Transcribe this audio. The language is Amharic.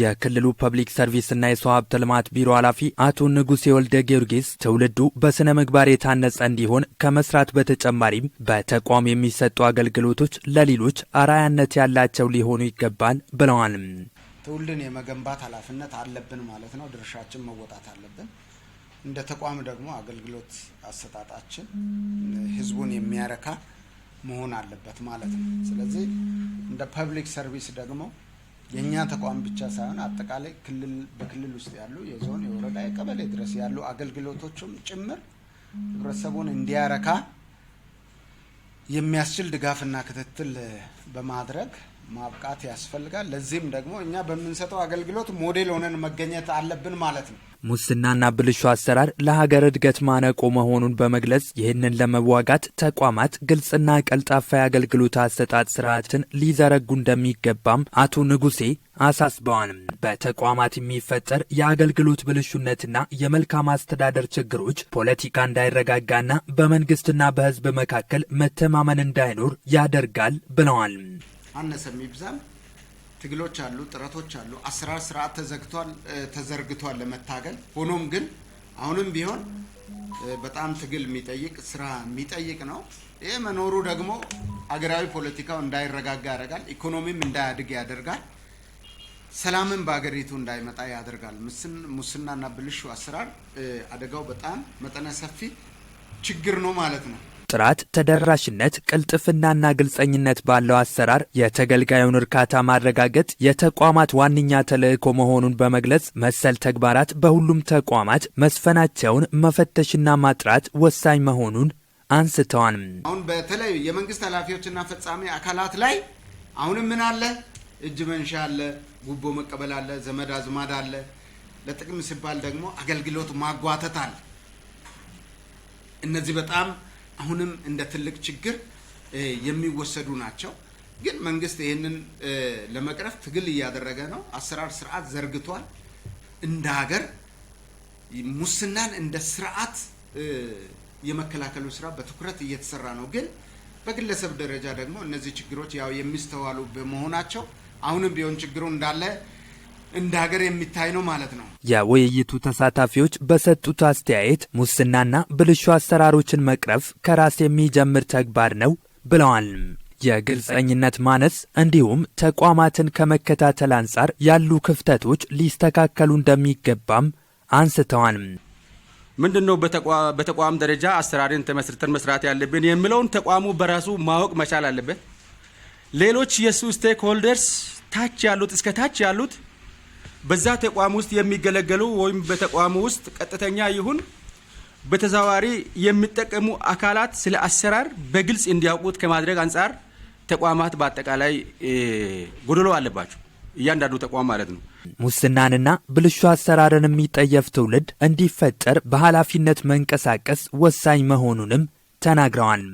የክልሉ ፐብሊክ ሰርቪስ እና የሰው ሀብት ልማት ቢሮ ኃላፊ አቶ ንጉሴ ወልደ ጊዮርጊስ ትውልዱ በስነ ምግባር የታነጸ እንዲሆን ከመስራት በተጨማሪም በተቋም የሚሰጡ አገልግሎቶች ለሌሎች አራያነት ያላቸው ሊሆኑ ይገባል ብለዋል። ትውልድን የመገንባት ኃላፊነት አለብን ማለት ነው። ድርሻችን መወጣት አለብን። እንደ ተቋም ደግሞ አገልግሎት አሰጣጣችን ህዝቡን የሚያረካ መሆን አለበት ማለት ነው። ስለዚህ እንደ ፐብሊክ ሰርቪስ ደግሞ የእኛ ተቋም ብቻ ሳይሆን አጠቃላይ ክልል በክልል ውስጥ ያሉ የዞን፣ የወረዳ፣ የቀበሌ ድረስ ያሉ አገልግሎቶችም ጭምር ህብረተሰቡን እንዲያረካ የሚያስችል ድጋፍና ክትትል በማድረግ ማብቃት ያስፈልጋል። ለዚህም ደግሞ እኛ በምንሰጠው አገልግሎት ሞዴል ሆነን መገኘት አለብን ማለት ነው። ሙስናና ብልሹ አሰራር ለሀገር እድገት ማነቆ መሆኑን በመግለጽ ይህንን ለመዋጋት ተቋማት ግልጽና ቀልጣፋ የአገልግሎት አሰጣጥ ስርዓትን ሊዘረጉ እንደሚገባም አቶ ንጉሴ አሳስበዋል። በተቋማት የሚፈጠር የአገልግሎት ብልሹነትና የመልካም አስተዳደር ችግሮች ፖለቲካ እንዳይረጋጋና በመንግስትና በሕዝብ መካከል መተማመን እንዳይኖር ያደርጋል ብለዋል። አነሰ የሚብዛም ትግሎች አሉ፣ ጥረቶች አሉ። አሰራር ስርዓት ተዘግቷል፣ ተዘርግቷል ለመታገል ሆኖም ግን አሁንም ቢሆን በጣም ትግል የሚጠይቅ ስራ የሚጠይቅ ነው። ይህ መኖሩ ደግሞ አገራዊ ፖለቲካው እንዳይረጋጋ ያደርጋል፣ ኢኮኖሚም እንዳያድግ ያደርጋል፣ ሰላምን በአገሪቱ እንዳይመጣ ያደርጋል። ምስን ሙስናና ብልሹ አሰራር አደጋው በጣም መጠነ ሰፊ ችግር ነው ማለት ነው። ጥራት፣ ተደራሽነት፣ ቅልጥፍናና ግልጸኝነት ባለው አሰራር የተገልጋዩን እርካታ ማረጋገጥ የተቋማት ዋነኛ ተልዕኮ መሆኑን በመግለጽ መሰል ተግባራት በሁሉም ተቋማት መስፈናቸውን መፈተሽና ማጥራት ወሳኝ መሆኑን አንስተዋል። አሁን በተለይ የመንግስት ኃላፊዎችና ፈጻሚ አካላት ላይ አሁንም ምን አለ? እጅ መንሻ አለ፣ ጉቦ መቀበል አለ፣ ዘመድ አዝማድ አለ፣ ለጥቅም ሲባል ደግሞ አገልግሎት ማጓተት አለ። እነዚህ በጣም አሁንም እንደ ትልቅ ችግር የሚወሰዱ ናቸው። ግን መንግስት ይህንን ለመቅረፍ ትግል እያደረገ ነው። አሰራር ስርዓት ዘርግቷል። እንደ ሀገር ሙስናን እንደ ስርዓት የመከላከሉ ስራ በትኩረት እየተሰራ ነው። ግን በግለሰብ ደረጃ ደግሞ እነዚህ ችግሮች ያው የሚስተዋሉ በመሆናቸው አሁንም ቢሆን ችግሩ እንዳለ እንደ ሀገር የሚታይ ነው ማለት ነው። የውይይቱ ተሳታፊዎች በሰጡት አስተያየት ሙስናና ብልሹ አሰራሮችን መቅረፍ ከራስ የሚጀምር ተግባር ነው ብለዋል። የግልጸኝነት ማነስ እንዲሁም ተቋማትን ከመከታተል አንጻር ያሉ ክፍተቶች ሊስተካከሉ እንደሚገባም አንስተዋል። ምንድን ነው በተቋም ደረጃ አሰራርን ተመስርተን መስራት ያለብን የሚለውን ተቋሙ በራሱ ማወቅ መቻል አለበት። ሌሎች የእሱ ስቴክ ሆልደርስ ታች ያሉት እስከ ታች ያሉት በዛ ተቋም ውስጥ የሚገለገሉ ወይም በተቋሙ ውስጥ ቀጥተኛ ይሁን በተዘዋዋሪ የሚጠቀሙ አካላት ስለ አሰራር በግልጽ እንዲያውቁት ከማድረግ አንጻር ተቋማት በአጠቃላይ ጎደሎ አለባቸው። እያንዳንዱ ተቋም ማለት ነው። ሙስናንና ብልሹ አሰራርን የሚጠየፍ ትውልድ እንዲፈጠር በኃላፊነት መንቀሳቀስ ወሳኝ መሆኑንም ተናግረዋል።